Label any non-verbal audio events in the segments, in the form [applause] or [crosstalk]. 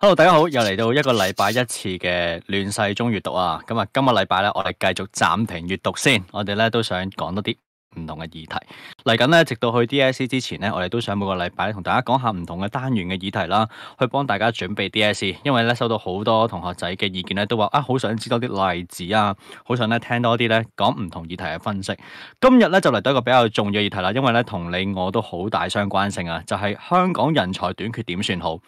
Hello，大家好，又嚟到一個禮拜一次嘅亂世中閱讀啊！咁啊，今個禮拜咧，我哋繼續暫停閱讀先。我哋咧都想講多啲唔同嘅議題嚟緊咧，直到去 DSE 之前咧，我哋都想每個禮拜同大家講下唔同嘅單元嘅議題啦，去幫大家準備 DSE。因為咧收到好多同學仔嘅意見咧，都話啊，好想知多啲例子啊，好想咧聽多啲咧講唔同議題嘅分析。今日咧就嚟到一個比較重要嘅議題啦，因為咧同你我都好大相關性啊，就係、是、香港人才短缺點算好。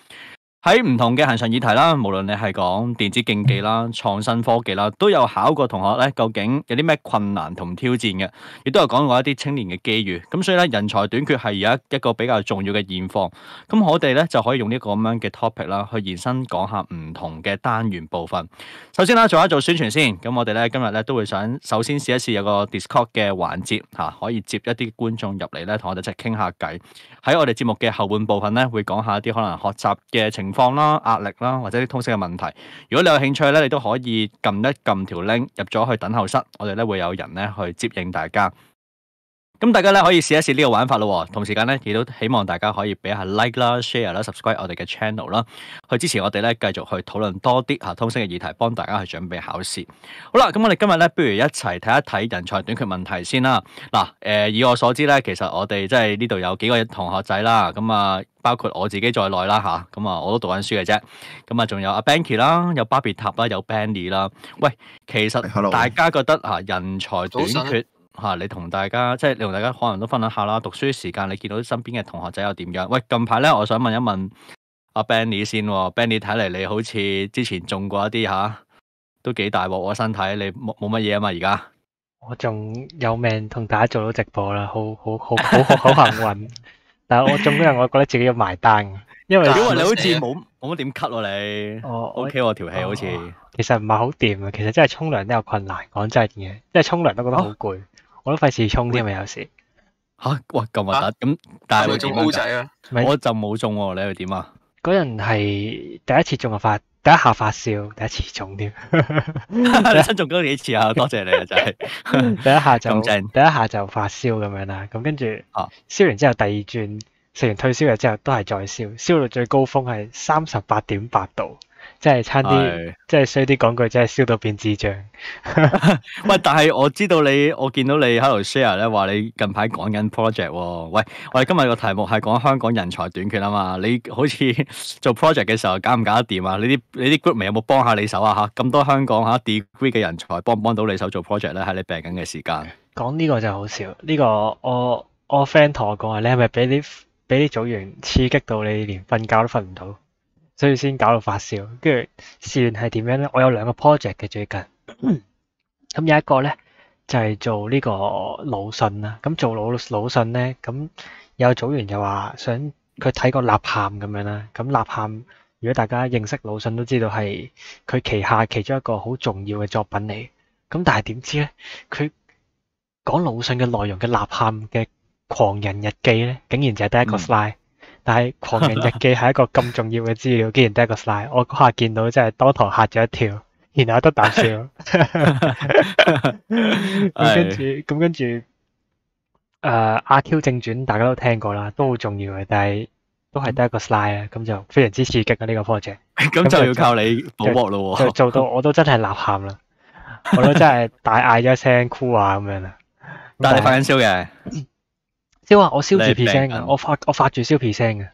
喺唔同嘅行上議題啦，無論你係講電子競技啦、創新科技啦，都有考過同學咧，究竟有啲咩困難同挑戰嘅，亦都有講過一啲青年嘅機遇。咁所以咧，人才短缺係而家一個比較重要嘅現況。咁我哋咧就可以用呢個咁樣嘅 topic 啦，去延伸講下唔同嘅單元部分。首先啦，做一做宣傳先。咁我哋咧今日咧都會想首先試一試有個 Discord 嘅環節吓、啊，可以接一啲觀眾入嚟咧，同我哋一齊傾下偈。喺我哋節目嘅後半部分咧，會講下一啲可能學習嘅情。情況啦、壓力啦，或者啲通識嘅問題。如果你有興趣咧，你都可以撳一撳條 link 入咗去等候室，我哋咧會有人咧去接應大家。咁大家咧可以試一試呢個玩法咯，同時間咧亦都希望大家可以俾下 like 啦、 [noise] share 啦、subscribe 我哋嘅 channel 啦，去支持我哋咧繼續去討論多啲啊，通識嘅議題，幫大家去準備考試。好啦，咁我哋今日咧不如一齊睇一睇人才短缺問題先啦。嗱，誒，以我所知咧，其實我哋即係呢度有幾個同學仔啦，咁啊，包括我自己在內啦，吓，咁啊，我都讀緊書嘅啫。咁啊，仲有阿 Banky 啦，有巴別塔啦，有 Benny 啦。喂，其實大家覺得啊，人才短缺 hey, hello.？吓，你同大家即係你同大家可能都分享下啦。讀書時間你見到身邊嘅同學仔又點樣？喂，近排咧，我想問一問阿、uh、Benny 先。Benny 睇嚟你好似之前中過一啲吓、啊，都幾大鑊、啊。我身體你冇冇乜嘢啊？嘛，而家我仲有命同大家做到直播啦，好好好好好幸運。 [laughs] 但係我仲因為我覺得自己要埋單，因為因為 [laughs] 你好似冇冇點咳咯、啊，你哦，OK，我條、啊、氣好似其實唔係好掂啊。其實真係沖涼都有困難，講真嘅，因為沖涼都覺得好攰。哦 oh. 我都費事沖添啊！有時吓，喂，咁核突咁，啊啊、但係、啊、我中烏仔啦，我就冇中喎。你又點啊？嗰人係第一次中啊，發第一下發燒，第一次中添。你真中咗幾次啊？多謝你啊，真係 [laughs] 第一下就第一下就發燒咁樣啦、啊。咁跟住燒完之後，第二轉食完退燒藥之後都再燒，都係再燒。燒到最高峰係三十八點八度。即係差啲，即係衰啲講句，真係燒到變智障。 [laughs] [laughs] 喂，但係我知道你，我見到你喺度 share 咧，話 [laughs] 你，你近排講緊 project。喂，我哋今日個題目係講香港人才短缺啊嘛？你好似做 project 嘅時候搞唔搞得掂啊？你啲你啲 group 咪有冇幫下你手啊？吓，咁多香港吓 degree 嘅人才幫唔幫到你手做 project 咧？喺你病緊嘅時間，講呢個就好笑。呢個我我 friend 同我講話，你係咪俾啲俾啲組員刺激到你，連瞓覺都瞓唔到？所以先搞到發燒，跟住試完係點樣呢？我有兩個 project 嘅最近，咁 [coughs] 有一個呢就係、是、做呢個魯迅啦。咁做魯魯迅呢，咁有組員就話想佢睇個吶喊咁樣啦。咁吶喊如果大家認識魯迅都知道係佢旗下其中一個好重要嘅作品嚟。咁但係點知呢？佢講魯迅嘅內容嘅吶喊嘅《狂人日記》呢，竟然就係得一個 slide。 [coughs] 但係《狂人日記》係一個咁重要嘅資料，竟然得一個 slide，我嗰下見到真係當堂嚇咗一跳，然後得啖笑。跟住，咁跟住，誒、呃，《阿 Q 正傳》大家都聽過啦，都好重要嘅，但係都係得一個 slide 啊，嗯，咁就非常之刺激啊呢，這個 project。咁就要靠你補鑊啦。就做到我都真係吶喊啦， [laughs] 我都真係大嗌咗一聲哭、啊，哭下咁樣啦。但係發緊燒嘅。 [laughs] 即係話我燒住 percent 啊我？我發我發住燒 percent 嘅。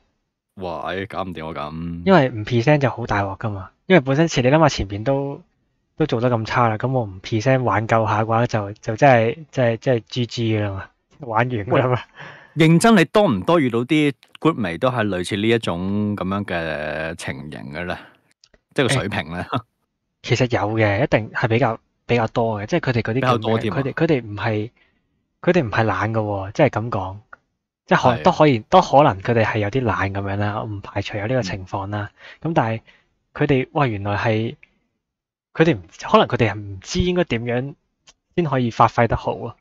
哇！搞唔掂我咁。因為唔 percent 就好大鑊噶嘛，因為本身似你諗下前邊都都做得咁差啦，咁我唔 percent 挽救下嘅話，就就真係真係真係 GG 啦，玩完啦。認真你多唔多遇到啲 groupmate 都係類似呢一種咁樣嘅情形嘅咧？即係個水平咧。欸、 [laughs] 其實有嘅，一定係比較比較多嘅，即係佢哋嗰啲佢哋佢哋唔係佢哋唔係懶噶，即係咁講。即係可都可以都可能佢哋係有啲懶咁樣啦，我唔排除有呢個情況啦。咁、嗯、但係佢哋，喂，原來係佢哋唔可能佢哋係唔知應該點樣先可以發揮得好啊，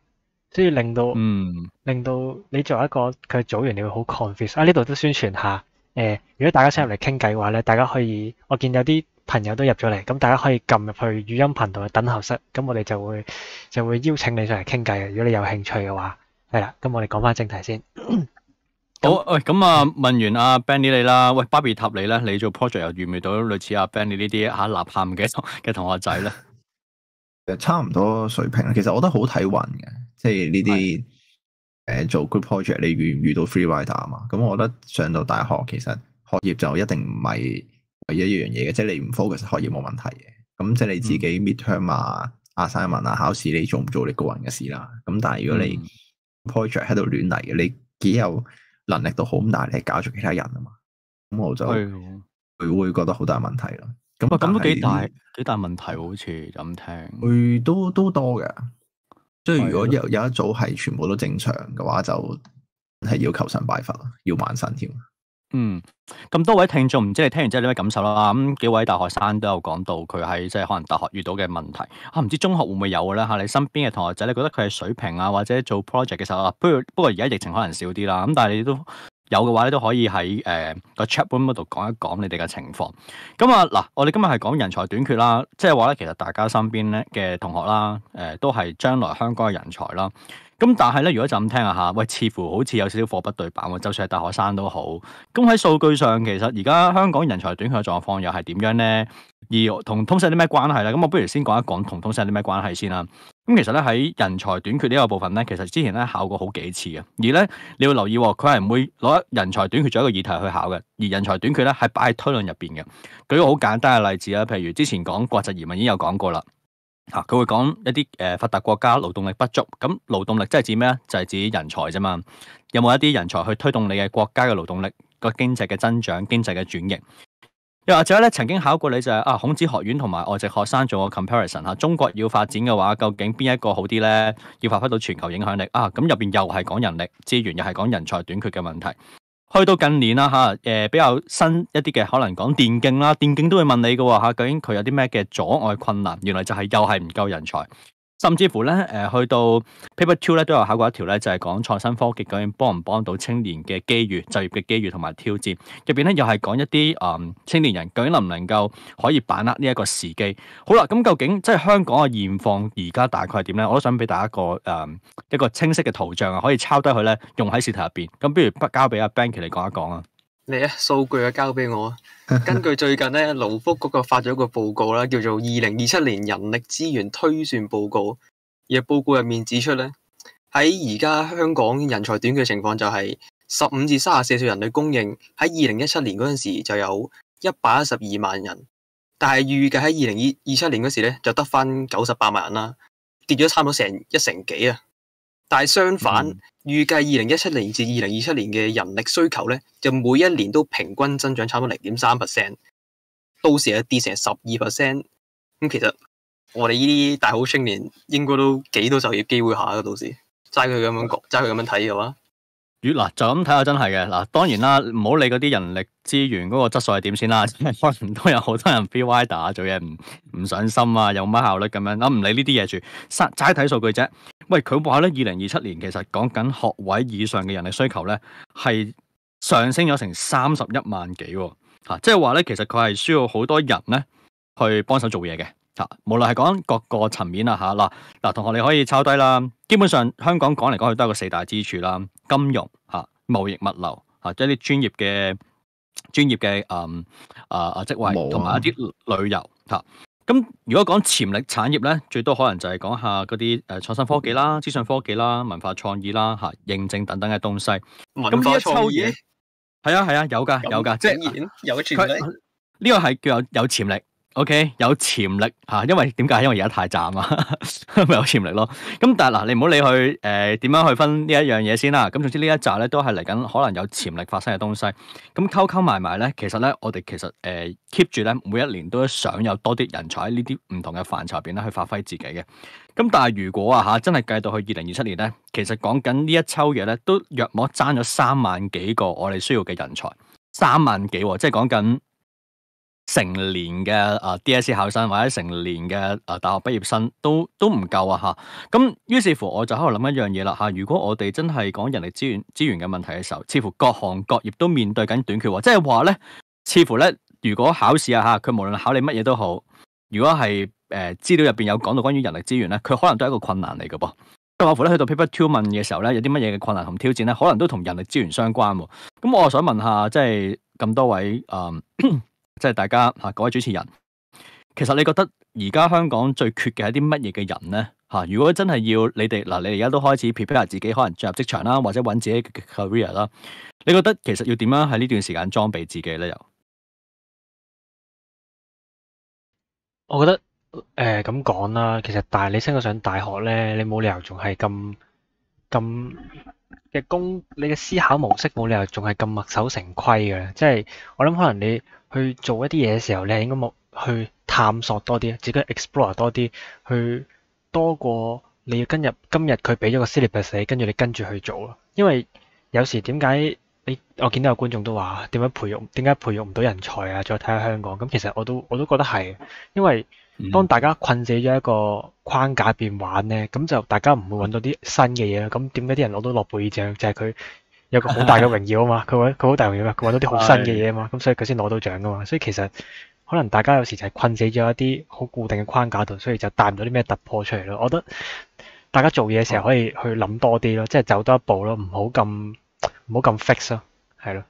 所以令到、嗯、令到你作為一個佢組員，你會好 confused 啊。呢度都宣傳下，誒、呃，如果大家想入嚟傾偈嘅話咧，大家可以我見有啲朋友都入咗嚟，咁大家可以撳入去語音頻道嘅等候室，咁我哋就會就會邀請你上嚟傾偈嘅。如果你有興趣嘅話。係啦，咁我哋講返正題先。好，喂，咁啊，問完阿 Benny 你啦，喂，Barbie 塔你咧，你做 project 又遇唔遇到類似阿 Benny 呢啲吓立吓唔記得嘅同學仔咧？誒，差唔多水平啦。其實我覺得好睇運嘅，即係呢啲誒做 good project 你遇唔遇到 free rider 啊嘛？咁我覺得上到大學其實學業就一定唔係唯一一樣嘢嘅，即係你唔 focus 學業冇問題嘅。咁即係你自己 mid-term 啊、assignment 啊、考試你做唔做，你個人嘅事啦。咁但係如果你、嗯 project 喺度亂嚟嘅，你幾有能力都好，咁但係你搞咗其他人啊嘛，咁我就佢的會覺得好大問題咯。咁啊，咁都幾大幾大問題好似咁聽，佢都都多嘅。即係如果有有一組係全部都正常嘅話，就係要求神拜佛咯，要萬神添。嗯，咁多位聽眾，唔知你聽完之後有啲咩感受啦？咁、嗯、幾位大學生都有講到佢喺，即係可能大學遇到嘅問題啊，唔知中學會唔會有咧，吓、啊？你身邊嘅同學仔，你覺得佢係水平啊，或者做 project 嘅時候啊，不過不過而家疫情可能少啲啦，咁、嗯、但係你都。有嘅話咧都可以喺誒、呃、個 chat room 度講一講你哋嘅情況。咁啊嗱，我哋今日係講人才短缺啦，即係話咧其實大家身邊咧嘅同學啦，誒、呃、都係將來香港嘅人才啦。咁但係咧如果就咁聽下，吓，喂似乎好似有少少貨不對版喎。就算係大學生都好，咁喺數據上其實而家香港人才短缺嘅狀況又係點樣咧？而同通識有啲咩關係咧？咁我不如先講一講同通識有啲咩關係先啦。咁其實咧喺人才短缺呢個部分咧，其實之前咧考過好幾次嘅。而咧你要留意，佢係唔會攞人才短缺做一個議題去考嘅。而人才短缺咧係擺喺推論入邊嘅。舉個好簡單嘅例子啊，譬如之前講國際移民已經有講過啦，吓，佢會講一啲誒發達國家勞動力不足，咁勞動力即係指咩咧？就係指人才啫嘛。有冇一啲人才去推動你嘅國家嘅勞動力個經濟嘅增長、經濟嘅轉型？又或者咧，曾經考過你就係、是、啊，孔子學院同埋外籍學生做個 comparison 吓。中國要發展嘅話，究竟邊一個好啲咧？要發揮到全球影響力啊！咁入邊又係講人力資源，又係講人才短缺嘅問題。去到近年啦吓，誒、啊呃、比較新一啲嘅，可能講電競啦、啊，電競都會問你嘅喎、啊、究竟佢有啲咩嘅阻礙困難？原來就係又係唔夠人才。甚至乎咧，誒、呃，去到 Paper Two 咧，都有考過一條咧，就係講創新科技究竟幫唔幫到青年嘅機遇、就業嘅機遇同埋挑戰。入邊咧，又係講一啲誒、嗯，青年人究竟能唔能夠可以把握呢一個時機？好啦，咁、嗯、究竟即係香港嘅現況而家大概係點咧？我都想俾大家一個誒、嗯，一個清晰嘅圖像啊，可以抄低佢咧，用喺試題入邊。咁，不如不交俾阿 Benky 嚟講一講啊。你啊，數據啊，交俾我。根據最近咧，勞福局個發咗個報告啦，叫做《二零二七年人力資源推算報告》，而報告入面指出咧，喺而家香港人才短缺情況就係十五至卅四歲人力供應喺二零一七年嗰陣時就有一百一十二萬人，但係預計喺二零二七年嗰時咧就得返九十八萬人啦，跌咗差唔多成一成幾啊。但係相反。嗯預計二零一七年至二零二七年嘅人力需求咧，就每一年都平均增長差唔多零點三 percent，到時啊跌成十二 percent，咁其實我哋呢啲大好青年應該都幾多就業機會下㗎。到時齋佢咁樣講，齋佢咁樣睇嘅話。嗱、啊，就咁睇下真係嘅，嗱、啊、當然啦，唔好理嗰啲人力資源嗰個質素係點先啦，可能、 [laughs] 啊、都有好多人 feel tired 做嘢唔唔上心啊，有乜效率咁樣，嗱，唔理呢啲嘢住，齋睇數據啫。喂，佢話咧，二零二七年其實講緊學位以上嘅人力需求咧係上升咗成三十一萬幾喎、啊，即係話咧其實佢係需要好多人咧去幫手做嘢嘅。啊，無論係講各個層面啦嚇，嗱、啊、嗱同學你可以抄低啦。基本上香港講嚟講去都係個四大支柱啦，金融嚇、啊、貿易物流嚇、啊，即係啲專業嘅專業嘅誒誒誒職位，同埋一啲旅遊嚇。咁、啊、如果講潛力產業咧，最多可能就係講下嗰啲誒創新科技啦、資訊科技啦、文化創意啦嚇、啊、認證等等嘅東西。文化創意係啊係啊，有㗎那有㗎的，即係有，啊、有潛力。呢個係叫有有潛力。OK，有潛力嚇、啊，因為點解？因為而家太賺啊，咪 [laughs] 有潛力咯。咁但係嗱、啊，你唔好理佢誒點樣去分呢一樣嘢先啦。咁總之呢一集咧都係嚟緊，可能有潛力發生嘅東西。咁溝溝埋埋咧，其實咧我哋其實誒 keep 住咧，呃、每一年都想有多啲人才喺呢啲唔同嘅範疇入邊咧去發揮自己嘅。咁但係如果啊嚇，真係計到去二零二七年咧，其實講緊呢一抽嘢咧，都約莫爭咗三萬幾個我哋需要嘅人才，三萬幾，即係講緊成年嘅誒 DSE 考生或者成年嘅誒大學畢業生都都唔夠啊吓，咁於是乎我就喺度諗一樣嘢啦吓，如果我哋真係講人力資源資源嘅問題嘅時候，似乎各行各業都面對緊短缺，即係話咧，似乎咧如果考試啊吓，佢無論考你乜嘢都好，如果係誒資料入邊有講到關於人力資源咧，佢可能都係一個困難嚟嘅噃。咁我乎咧去到 Paper Two 問嘅時候咧，有啲乜嘢嘅困難同挑戰咧，可能都同人力資源相關。咁、嗯、我想問下，即係咁多位誒。呃 [coughs] 即係大家吓、啊，各位主持人，其實你覺得而家香港最缺嘅係啲乜嘢嘅人咧？吓、啊，如果真係要你哋嗱、啊，你而家都開始 prepare 自己，可能進入職場啦，或者揾自己 career 啦，你覺得其實要點樣喺呢段時間裝備自己咧？又，我覺得誒咁講啦，其實但係你升到上大學咧，你冇理由仲係咁咁嘅工，你嘅思考模式冇理由仲係咁墨守成規嘅，即係我諗可能你。去做一啲嘢嘅時候，你係應該去探索多啲，自己 explore 多啲，去多過你要跟入今日佢俾咗個 syllabus 跟住你跟住去做咯。因為有時點解你我見到有觀眾都話點解培育點解培育唔到人才啊？再睇下香港咁，其實我都我都覺得係，因為當大家困死咗一個框架入邊玩呢，咁就大家唔會揾到啲新嘅嘢啦。咁點解啲人攞到諾貝爾獎就係佢。有個好大嘅榮耀啊嘛，佢揾佢好大榮耀嘅，佢揾到啲好新嘅嘢啊嘛，咁是的 所以佢先攞到獎噶嘛，所以其實可能大家有時就係困死咗一啲好固定嘅框架度，所以就帶唔到啲咩突破出嚟咯。我覺得大家做嘢嘅時候可以去諗多啲咯，嗯、即係走多一步咯，唔好咁，唔好咁 fix 咯。係咯，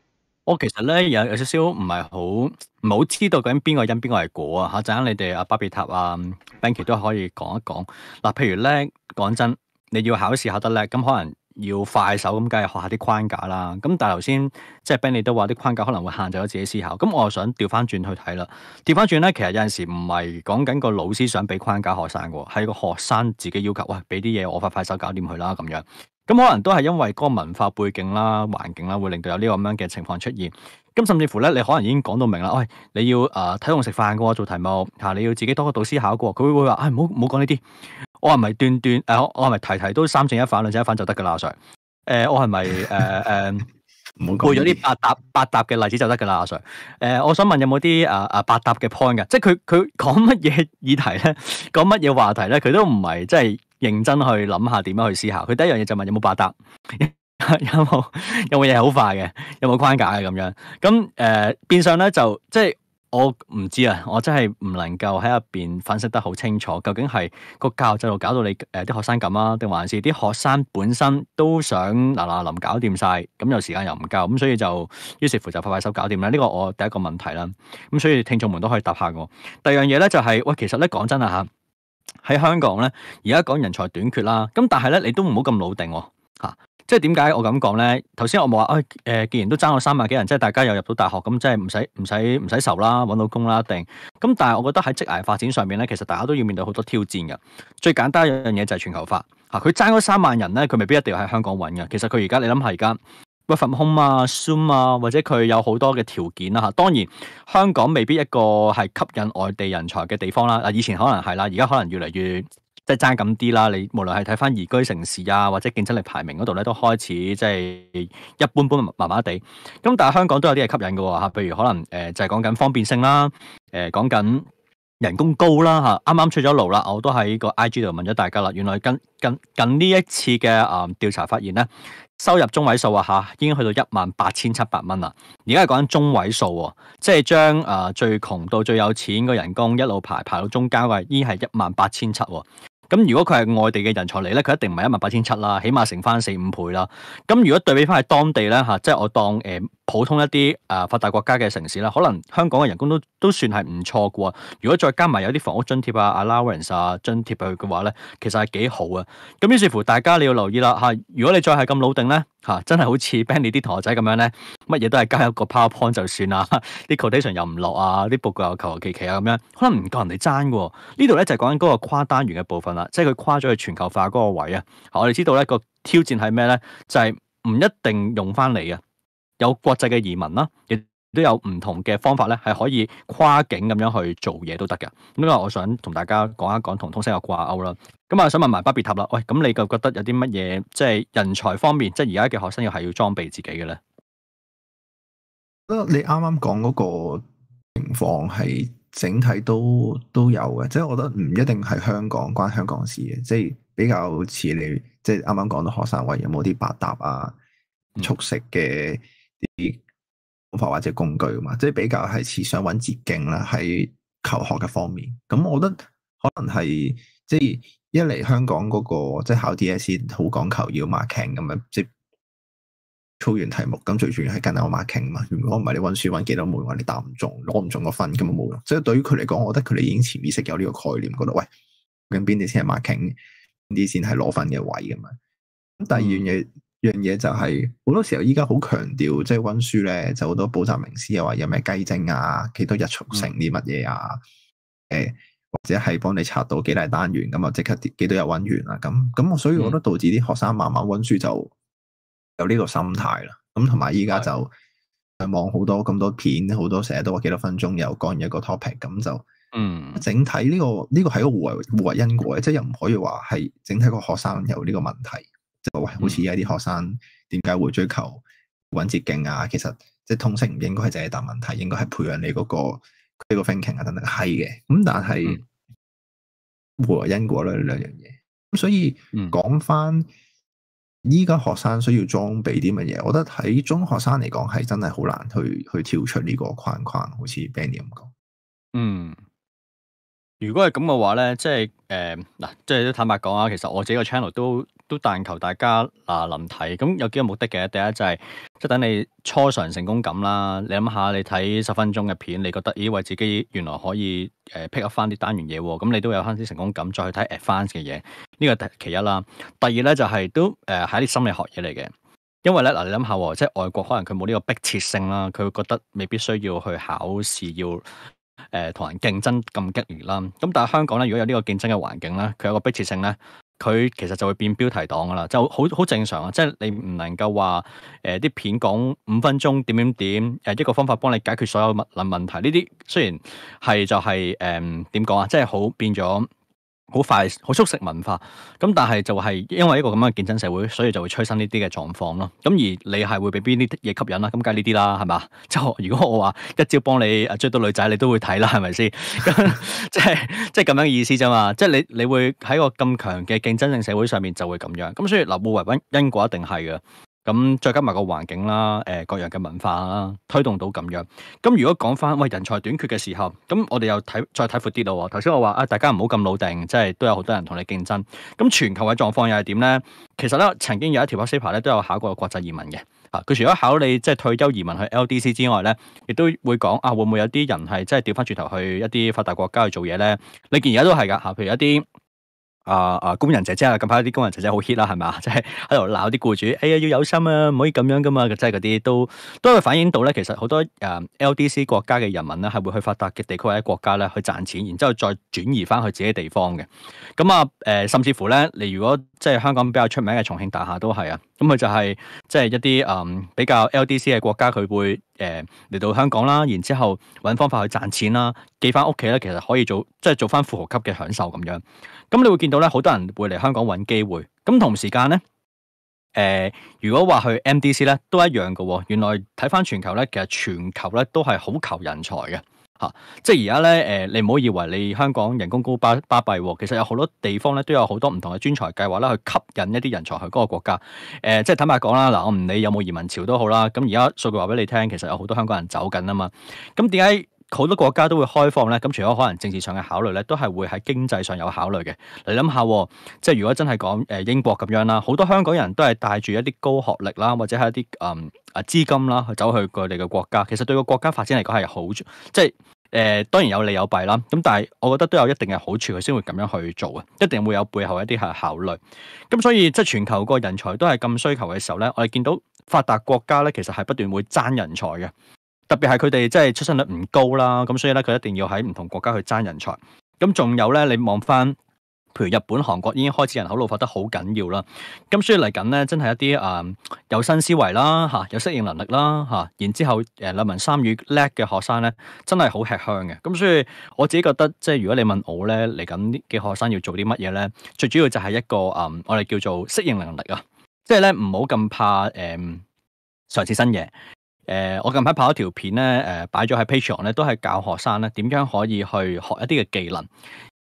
我其實咧有，有少少唔係好，唔好知道究竟邊個因邊個係果啊？嚇，陣你哋阿巴比塔啊、Banky 都可以講一講嗱。譬如咧，講真，你要考試考得叻，咁可能。要快手咁，梗係學下啲框架啦。咁但係頭先即係 Ben 尼都話啲框架可能會限制咗自己思考。咁我又想調翻轉去睇啦。調翻轉咧，其實有陣時唔係講緊個老師想俾框架學生嘅喎，係個學生自己要求，喂俾啲嘢我快快手搞掂佢啦咁樣。咁可能都係因為個文化背景啦、環境啦，會令到有呢個咁樣嘅情況出現。咁甚至乎咧，你可能已經講到明啦。喂、哎，你要誒睇餸食飯嘅話，做題目嚇、啊，你要自己多角度思考嘅喎。佢會會話，唉、哎，唔好唔好講呢啲。我係咪段段誒、呃？我係咪提提都三正一反、兩正一反就得㗎喇，阿 Sir？誒、呃，我係咪誒誒背咗啲八搭 [laughs] 八搭嘅例子就得㗎喇，阿 Sir？誒、呃，我想問有冇啲啊啊八搭嘅 point 嘅？即係佢佢講乜嘢議題咧？講乜嘢話題咧？佢都唔係真係認真去諗下點樣去思考。佢第一樣嘢就問有冇八搭 [laughs] 沒有， [laughs] 有冇有冇嘢好快嘅，有冇框架嘅咁樣？咁誒、呃、變相咧就即係。我唔知啊，我真係唔能夠喺入邊分析得好清楚，究竟係個教育制度搞到你誒啲、呃、學生咁啊，定還是啲學生本身都想嗱嗱臨搞掂晒，咁，又時間又唔夠咁，所以就於是乎就快快手搞掂啦。呢個我第一個問題啦，咁所以聽眾們都可以答下我。第二樣嘢咧就係、是、喂，其實咧講真啊吓，喺香港咧而家講人才短缺啦，咁但係咧你都唔好咁老定吓。啊即係點解我咁講咧？頭先我冇話，誒、哎，既然都爭咗三萬幾人，即係大家又入到大學，咁即係唔使唔使唔使愁啦，揾到工啦一定。咁但係我覺得喺職涯發展上面咧，其實大家都要面對好多挑戰嘅。最簡單一樣嘢就係全球化嚇，佢爭嗰三萬人咧，佢未必一定要喺香港揾嘅。其實佢而家你諗下，而家 work from home 啊、zoom 啊，或者佢有好多嘅條件啦、啊、嚇。當然香港未必一個係吸引外地人才嘅地方啦。嗱，以前可能係啦，而家可能越嚟越。即係爭咁啲啦，你無論係睇翻宜居城市啊，或者競爭力排名嗰度咧，都開始即係一般般，麻麻地。咁但係香港都有啲嘢吸引嘅喎嚇，譬如可能誒、呃、就係講緊方便性啦，誒講緊人工高啦嚇。啱啱、啊、出咗爐啦，我都喺個 IG 度問咗大家啦。原來近近近呢一次嘅誒調查發現咧，收入中位數啊嚇、啊、已經去到一萬八千七百蚊啦。而家係講緊中位數喎，即係將誒最窮到最有錢嘅人工一路排排到中間位，依係一萬八千七喎。咁如果佢係外地嘅人才嚟咧，佢一定唔係一萬八千七啦，起碼乘翻四五倍啦。咁如果對比翻喺當地咧嚇，即係我當誒、呃、普通一啲啊、呃、發達國家嘅城市啦，可能香港嘅人工都都算係唔錯嘅。如果再加埋有啲房屋津貼啊、Allowance 啊津貼去嘅話咧，其實係幾好啊。咁於是乎大家你要留意啦嚇，如果你再係咁老定咧。嚇！真係好似 Benny 啲同學仔咁樣咧，乜嘢都係加入個 PowerPoint 就算啦，啲 Condition 又唔落啊，啲報告又求求其其啊，咁樣可能唔夠人哋爭喎。呢度咧就講緊嗰個跨單元嘅部分啦，即係佢跨咗去全球化嗰個位啊。我哋知道咧個挑戰係咩咧？就係、是、唔一定用翻嚟啊，有國際嘅移民啦，亦。都有唔同嘅方法咧，係可以跨境咁樣去做嘢都得嘅。咁、嗯、啊，我想同大家講一講同通識有掛鈎啦。咁、嗯、啊，想問埋巴別塔啦。喂，咁你又覺得有啲乜嘢？即係人才方面，即係而家嘅學生又係要裝備自己嘅咧？你啱啱講嗰個情況係整體都都有嘅，即、就、係、是、我覺得唔一定係香港關香港事嘅，即、就、係、是、比較似你即係啱啱講到學生話有冇啲八達啊、速食嘅啲。嗯或或者工具嘛，即係比較係似想揾捷徑啦，喺求學嘅方面。咁我覺得可能係即係一嚟香港嗰個即係考 DSE 好講求要 marking 咁樣，即係操完題目，咁最主要係跟下 marking 嘛。如果唔係你温書温幾多冇用，你答唔中，攞唔中個分咁就冇用。即係對於佢嚟講，我覺得佢哋已經潛意識有呢個概念，覺得喂跟邊啲先係 marking 邊啲先係攞分嘅位噶嘛。咁但係呢樣嘢。樣嘢就係、是、好多時候依家好強調即係溫書咧，就好、是、多補習名師又話有咩雞精啊，幾多日速成啲乜嘢啊，誒、嗯呃、或者係幫你拆到幾大單元，咁啊即刻幾多日溫完啦，咁咁我所以我覺得導致啲學生慢慢溫書就有呢個心態啦，咁同埋依家就上網好多咁多片，好多成日都話幾多分鐘又講完一個 topic，咁就嗯整體呢、這個呢、這個係一個互為互為因果嘅，即係又唔可以話係整體個學生有呢個問題。就好似依家啲學生點解會追求揾捷徑啊？其實即係通識唔應該係就係答問題，應該係培養你嗰、佢個呢個 thinking 啊等等。係嘅，咁但係和、嗯、因果呢兩樣嘢。咁所以講翻依家學生需要裝備啲乜嘢？我覺得喺中學生嚟講係真係好難去去跳出呢個框框，好似 Benny 咁講。嗯。如果係咁嘅話咧，即係誒嗱，即係都坦白講啊，其實我自己個 channel 都都但求大家嗱臨睇，咁有幾個目的嘅。第一就係即係等你初嘗成功感啦。你諗下，你睇十分鐘嘅片，你覺得以為自己原來可以誒 pick up 翻啲單元嘢喎，咁你都有翻啲成功感，再去睇 advance 嘅嘢。呢個其一啦。第二咧就係都誒係一啲心理學嘢嚟嘅，因為咧嗱、呃，你諗下喎，即係外國可能佢冇呢個迫切性啦，佢會覺得未必需要去考試要。誒同、呃、人競爭咁激烈啦，咁但係香港咧，如果有個競呢個競爭嘅環境咧，佢有個逼切性咧，佢其實就會變標題黨噶啦，就好好正常啊！即係你唔能夠話誒啲片講五分鐘點點點，誒一個方法幫你解決所有問問問題。呢啲雖然係就係誒點講啊，即係好變咗。好快，好速食文化，咁但係就係因為一個咁樣嘅競爭社會，所以就會催生呢啲嘅狀況咯。咁而你係會俾邊啲嘢吸引啦？咁梗係呢啲啦，係嘛？即如果我話一朝幫你追到女仔，你都會睇啦，係咪先？咁即係即係咁樣意思啫嘛。即係你你會喺個咁強嘅競爭性社會上面就會咁樣。咁所以嗱，無為因因果一定係嘅。咁再加埋個環境啦，誒各樣嘅文化啦，推動到咁樣。咁如果講翻喂人才短缺嘅時候，咁我哋又睇再睇闊啲咯喎。頭先我話啊，大家唔好咁老定，即係都有好多人同你競爭。咁全球嘅狀況又係點咧？其實咧，曾經有一條 paper 咧都有考過國際移民嘅。佢除咗考你即係退休移民去 LDC 之外咧，亦都會講啊，會唔會有啲人係即係調翻轉頭去一啲發達國家去做嘢咧？你見而家都係噶，嚇，譬如一啲。啊啊、呃！工人姐姐啊，近排啲工人姐姐好 hit 啦，係咪？即係喺度鬧啲僱主，哎呀，要有心啊，唔可以咁樣噶嘛！即係嗰啲都都會反映到咧，其實好多誒、呃、LDC 國家嘅人民咧，係會去發達嘅地區或者國家咧，去賺錢，然之後再轉移翻去自己地方嘅。咁啊，誒、呃，甚至乎咧，你如果……即係香港比較出名嘅重慶大廈都係啊，咁、嗯、佢就係、是、即係一啲誒、嗯、比較 LDC 嘅國家，佢會誒嚟、呃、到香港啦，然之後揾方法去賺錢啦，寄翻屋企咧，其實可以做即係做翻富豪級嘅享受咁樣。咁、嗯、你會見到咧，好多人會嚟香港揾機會，咁、嗯、同時間咧誒，如果話去 MDC 咧都一樣嘅喎、哦。原來睇翻全球咧，其實全球咧都係好求人才嘅。吓、啊，即係而家咧，誒、呃，你唔好以為你香港人工高巴巴閉、啊，其實有好多地方咧都有好多唔同嘅專才計劃啦，去吸引一啲人才去嗰個國家。誒、呃，即係坦白講啦，嗱，我唔理有冇移民潮都好啦，咁而家數據話俾你聽，其實有好多香港人走緊啊嘛。咁點解？好多國家都會開放咧，咁除咗可能政治上嘅考慮咧，都係會喺經濟上有考慮嘅。你諗下，即係如果真係講誒英國咁樣啦，好多香港人都係帶住一啲高學歷啦，或者係一啲誒資金啦，去走去佢哋嘅國家。其實對個國家發展嚟講係好，即係誒、呃、當然有利有弊啦。咁但係我覺得都有一定嘅好處，佢先會咁樣去做嘅，一定會有背後一啲係考慮。咁所以即係全球個人才都係咁需求嘅時候咧，我哋見到發達國家咧，其實係不斷會爭人才嘅。特別係佢哋即係出生率唔高啦，咁所以咧佢一定要喺唔同國家去爭人才。咁仲有咧，你望翻，譬如日本、韓國已經開始人口老化得好緊要啦。咁所以嚟緊咧，真係一啲誒、呃、有新思維啦，嚇、啊、有適應能力啦，嚇、啊。然之後誒兩文三語叻嘅學生咧，真係好吃香嘅。咁所以我自己覺得，即係如果你問我咧，嚟緊嘅學生要做啲乜嘢咧，最主要就係一個誒、呃，我哋叫做適應能力啊。即係咧，唔好咁怕誒、呃，嘗試新嘢。誒、呃，我近排拍咗條片咧，誒、呃、擺咗喺 Patreon 咧，都係教學生咧點樣可以去學一啲嘅技能。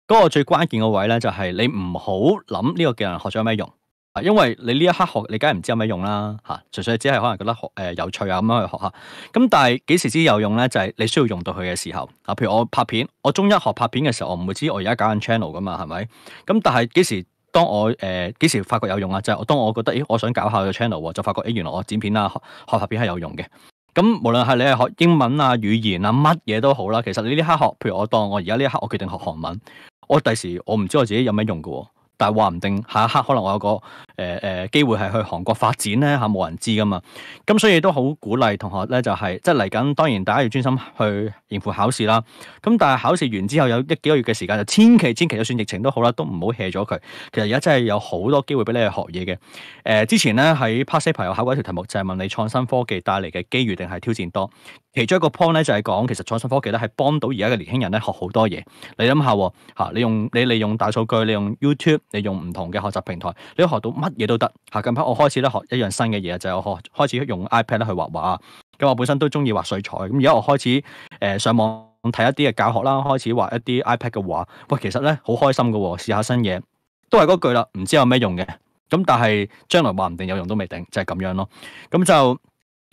嗰、那個最關鍵個位咧，就係、是、你唔好諗呢個技能學咗有咩用啊！因為你呢一刻學，你梗係唔知有咩用啦嚇、啊。純粹只係可能覺得學誒、呃、有趣啊咁樣去學下。咁、啊、但係幾時先有用咧？就係、是、你需要用到佢嘅時候啊。譬如我拍片，我中一學拍片嘅時候，我唔會知我而家搞緊 channel 噶嘛，係咪？咁、啊、但係幾時？當我誒幾、呃、時發覺有用啊？就係、是、我當我覺得，咦，我想搞下個 channel 喎，就發覺，哎，原來我剪片啊、學、學拍片係有用嘅。咁無論係你係學英文啊、語言啊、乜嘢都好啦。其實呢啲刻學，譬如我當我而家呢一刻我決定學韓文，我第時我唔知我自己有咩用嘅、啊，但係話唔定下一刻可能我有個。誒誒、呃、機會係去韓國發展咧嚇，冇人知噶嘛，咁所以都好鼓勵同學咧，就係、是、即係嚟緊。當然大家要專心去應付考試啦。咁但係考試完之後有一幾個月嘅時間，就千祈千祈，就算疫情都好啦，都唔好 hea 咗佢。其實而家真係有好多機會俾你去學嘢嘅。誒、呃、之前咧喺 past paper 考過一條題目，就係、是、問你創新科技帶嚟嘅機遇定係挑戰多。其中一個 point 咧就係、是、講其實創新科技咧係幫到而家嘅年輕人咧學好多嘢。你諗下嚇、啊，你用你利用大數據，你用 YouTube，你用唔同嘅學習平台，你學到。乜嘢都得。下近排我開始咧學一樣新嘅嘢，就係、是、我學開始用 iPad 去畫畫。咁我本身都中意畫水彩，咁而家我開始誒、呃、上網睇一啲嘅教學啦，開始畫一啲 iPad 嘅畫。喂，其實咧好開心嘅、哦，試下新嘢，都係嗰句啦，唔知有咩用嘅。咁但係將來話唔定有用都未定，就係、是、咁樣咯。咁就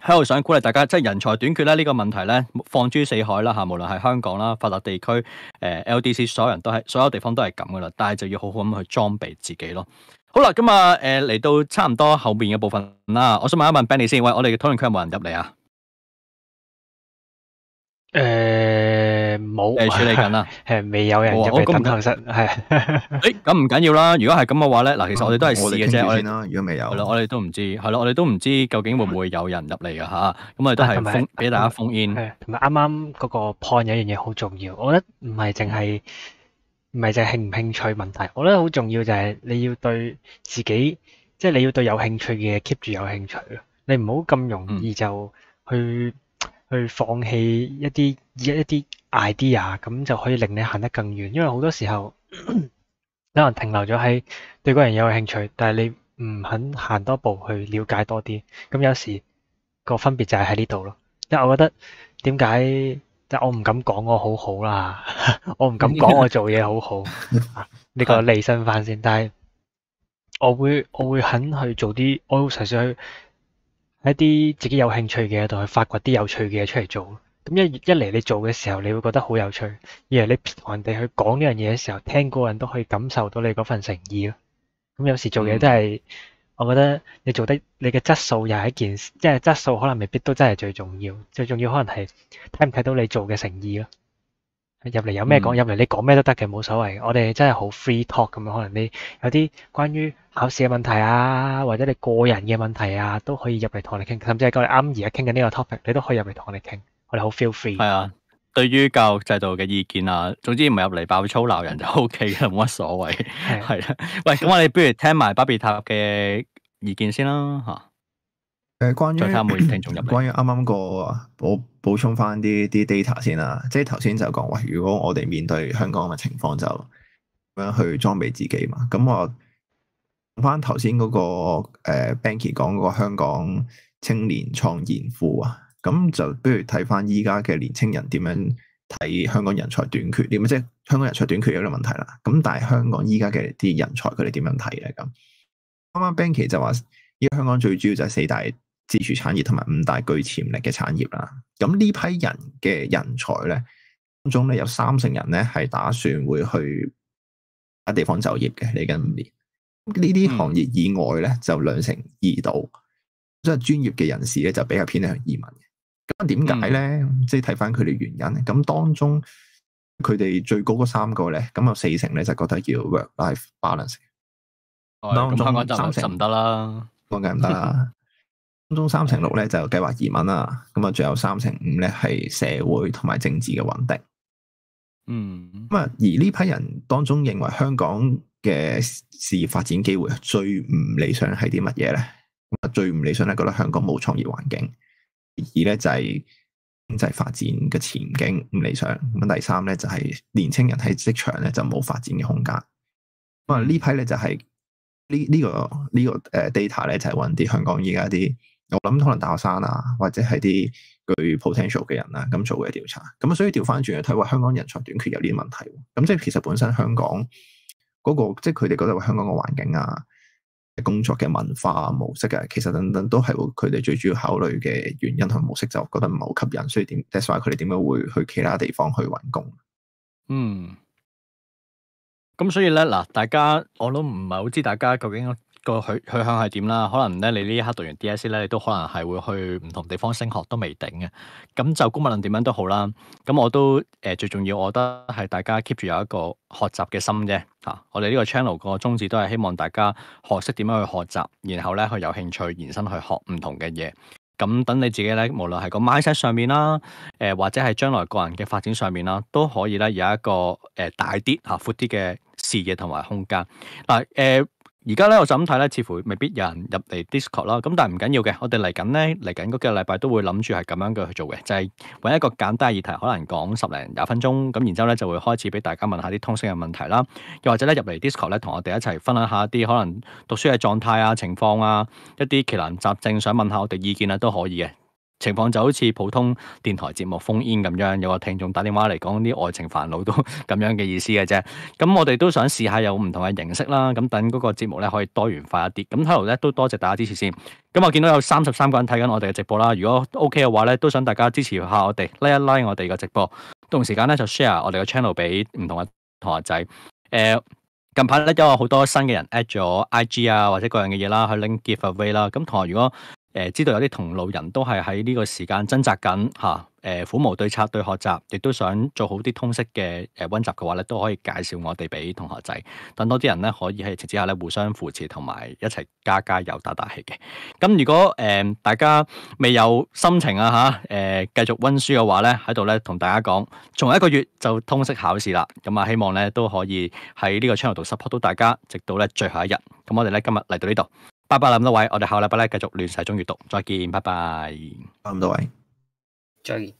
喺度想鼓勵大家，即係人才短缺咧呢、這個問題咧，放諸四海啦吓，無論係香港啦、發達地區、誒、呃、LDC，所有人都係所有地方都係咁噶啦。但係就要好好咁去裝備自己咯。好啦，咁啊，誒嚟，到差唔多後邊嘅部分啦，我想問一問 Benny 先。喂，我哋嘅討論區有冇人入嚟啊？誒，冇，誒，處理緊啦，係未有人入。我咁，其實係，誒，咁唔緊要啦。如果係咁嘅話咧，嗱，其實我哋都係試嘅啫，我哋先啦。如果未有，係啦，我哋都唔知，係啦，我哋都唔知究竟會唔會有人入嚟噶吓。咁我哋都係封，俾大家封煙。同埋啱啱嗰個 point 有一樣嘢好重要，我覺得唔係淨係。唔係就係興唔興趣問題，我覺得，好重要就係你要對自己，即係你要對有興趣嘅嘢 keep 住有興趣咯。你唔好咁容易就去、嗯、去放棄一啲一啲 idea，咁就可以令你行得更遠。因為好多時候，可能 [coughs] 停留咗喺對嗰人有興趣，但係你唔肯行多步去了解多啲，咁有時個分別就係喺呢度咯。因為我覺得點解？但我唔敢講我好好啦， [laughs] 我唔敢講我做嘢好好。呢個利申返先，但係我會我會肯去做啲，我會嘗試去一啲自己有興趣嘅嘢，同去發掘啲有趣嘅嘢出嚟做。咁一一嚟你做嘅時候，你會覺得好有趣；二嚟你同人哋去講呢樣嘢嘅時候，聽嗰個人都可以感受到你嗰份誠意咯。咁有時做嘢都係。嗯我覺得你做得你嘅質素又係一件，即係質素可能未必都真係最重要，最重要可能係睇唔睇到你做嘅誠意咯。入嚟有咩講，入嚟、嗯、你講咩都得嘅，冇所謂。我哋真係好 free talk 咁樣，可能你有啲關於考試嘅問題啊，或者你個人嘅問題啊，都可以入嚟同我哋傾。甚至係今你啱而家傾緊呢個 topic，你都可以入嚟同我哋傾，我哋好 feel free。係啊，對於教育制度嘅意見啊，總之唔係入嚟爆粗鬧人就 O K 啦，冇乜所謂係啦。 [laughs] 對是啊、 [laughs] 喂，咁我哋不如聽埋巴別塔嘅。意見先啦吓。誒、啊呃，關於在他聽眾入邊關於啱啱個，我補充翻啲啲 data 先啦。即係頭先就講喂，如果我哋面對香港嘅情況，就咁樣去裝備自己嘛。咁我翻頭先嗰個誒、呃、Banky 講嗰個香港青年創研庫啊，咁就不如睇翻依家嘅年青人點樣睇香港人才短缺點啊？即係香港人才短缺有啲問題啦。咁但係香港依家嘅啲人才，佢哋點樣睇咧咁？啱啱 Banky 就話，依家香港最主要就係四大支柱產業同埋五大具潛力嘅產業啦。咁呢批人嘅人才咧，當中咧有三成人咧係打算會去一地方就業嘅，嚟緊五年呢啲行業以外咧，就兩成二到，嗯、即係專業嘅人士咧就比較偏向移民。咁點解咧？嗯、即係睇翻佢哋原因。咁當中佢哋最高嗰三個咧，咁有四成咧就覺得要 work-life balance。當中三成唔得啦，講緊唔得啦。當中三成六咧就計劃移民啦，咁啊，仲有三成五咧係社會同埋政治嘅穩定。嗯，咁啊，而呢批人當中認為香港嘅事業發展機會最唔理想係啲乜嘢咧？咁啊，最唔理想咧，覺得香港冇創業環境，二咧就係經濟發展嘅前景唔理想。咁第三咧就係年青人喺職場咧就冇發展嘅空間。咁啊、嗯，呢批咧就係、是。這個這個、呢呢個呢個誒 data 咧就係揾啲香港依家啲，我諗可能大學生啊，或者係啲具 potential 嘅人啊，咁做嘅調查。咁啊，所以調翻轉去睇話香港人才短缺有啲問題。咁即係其實本身香港嗰、那個，即係佢哋覺得話香港個環境啊、工作嘅文化、啊、模式啊，其實等等都係佢哋最主要考慮嘅原因同模式，就覺得唔係好吸引，所以點 deserve 佢哋點樣會去其他地方去揾工。嗯。咁所以咧，嗱，大家我都唔係好知大家究竟個去去向係點啦。可能咧，你呢一刻讀完 DSE 咧，你都可能係會去唔同地方升學都未定嘅。咁就姑勿論點樣都好啦。咁我都誒、呃、最重要，我覺得係大家 keep 住有一個學習嘅心啫。嚇、啊，我哋呢個 channel 個宗旨都係希望大家學識點樣去學習，然後咧去有興趣延伸去學唔同嘅嘢。咁、啊、等你自己咧，無論係個 mindset 上面啦，誒、啊、或者係將來個人嘅發展上面啦、啊，都可以咧有一個誒、呃、大啲嚇、闊啲嘅，視野同埋空間嗱，誒而家咧我就咁睇咧，似乎未必有人入嚟 Discord 啦。咁但係唔緊要嘅，我哋嚟緊咧嚟緊嗰幾個禮拜都會諗住係咁樣嘅去做嘅，就係、是、揾一個簡單嘅議題，可能講十零廿分鐘。咁然之後咧就會開始俾大家問下啲通識嘅問題啦，又或者咧入嚟 Discord 咧同我哋一齊分享下一啲可能讀書嘅狀態啊、情況啊、一啲奇難雜症，想問下我哋意見啊都可以嘅。情況就好似普通電台節目封煙咁樣，有個聽眾打電話嚟講啲愛情煩惱都咁樣嘅意思嘅啫。咁我哋都想試下有唔同嘅形式啦，咁等嗰個節目咧可以多元化一啲。咁頭咧都多謝大家支持先。咁我見到有三十三個人睇緊我哋嘅直播啦。如果 OK 嘅話咧，都想大家支持下我哋拉一拉我哋嘅直播，同時間咧就 share 我哋嘅 channel 俾唔同嘅同學仔。誒、呃、近排咧都有好多新嘅人 at 咗 IG 啊或者各樣嘅嘢啦去 link give away 啦。咁同學如果誒，知道有啲同路人都係喺呢個時間掙扎緊吓，誒、啊，苦、呃、無對策對學習，亦都想做好啲通識嘅誒溫習嘅話咧，都可以介紹我哋俾同學仔，等多啲人咧可以喺直之下咧互相扶持同埋一齊加加油打打氣嘅。咁如果誒、呃、大家未有心情啊吓，誒、啊呃、繼續溫書嘅話咧，喺度咧同大家講，仲有一個月就通識考試啦，咁啊希望咧都可以喺呢個 channel 度 support 到大家，直到咧最後一日。咁我哋咧今日嚟到呢度。拜拜咁多位，我哋下禮拜咧繼續亂世中閱讀，再見，拜拜，咁多位，拜拜再見。